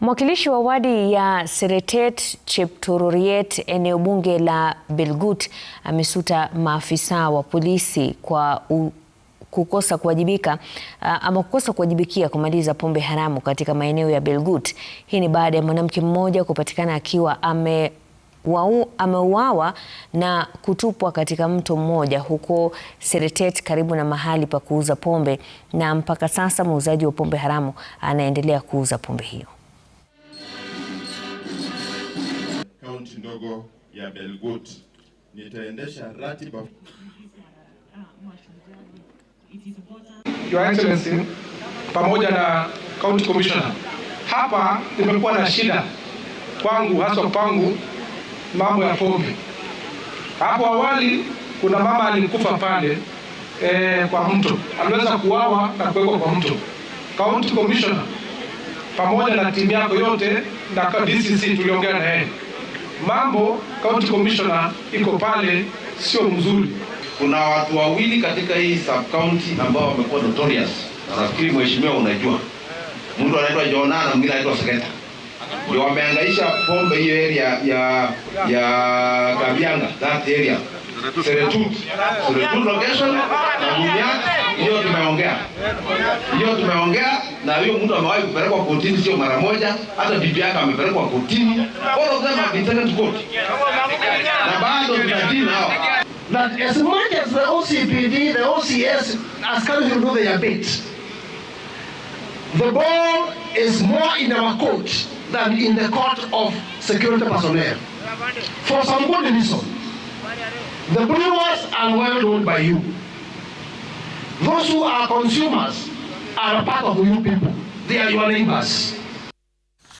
Mwakilishi wa wadi ya Seretet Cheptororiet, eneo bunge la Belgut, amesuta maafisa wa polisi kwa u kukosa kuwajibika uh, ama kukosa kuwajibikia kumaliza pombe haramu katika maeneo ya Belgut. Hii ni baada ya mwanamke mmoja kupatikana akiwa ame ameuawa na kutupwa katika mto mmoja huko Seretet karibu na mahali pa kuuza pombe, na mpaka sasa muuzaji wa pombe haramu anaendelea kuuza pombe hiyo. kaunti ndogo ya Belgut. Nitaendesha ratiba Your Excellency pamoja na County Commissioner. Hapa nimekuwa na shida kwangu, hasa kwangu mambo ya pombe. Hapo awali kuna mama alikufa pale eh, kwa mto, aliweza kuwawa na kuwekwa kwa mto. County Commissioner pamoja na timu yako yote na DCC tuliongea na yeye mambo county commissioner iko pale sio mzuri. Kuna watu wawili katika hii sub county ambao wamekuwa notorious, na nafikiri mheshimiwa unajua, mtu anaitwa Jona na mwingine anaitwa Seketa, ndio wameangaisha pombe hiyo area ya ya Kabianga, that area Seretut, Seretut location na Mumias hiyo tumeongea, hiyo tumeongea na huyo mtu amewahi kupelekwa kotini, sio mara moja, hata bibi yake amepelekwa kotini, all of them have been taken to court, na bado tunadili nao. That as much as the OCPD, the OCS, askari will do their bit, the ball is more in our court than in the court of security personnel for some good reason. The brewers are well known by you. Those who are consumers are a part of you people. They are your neighbors.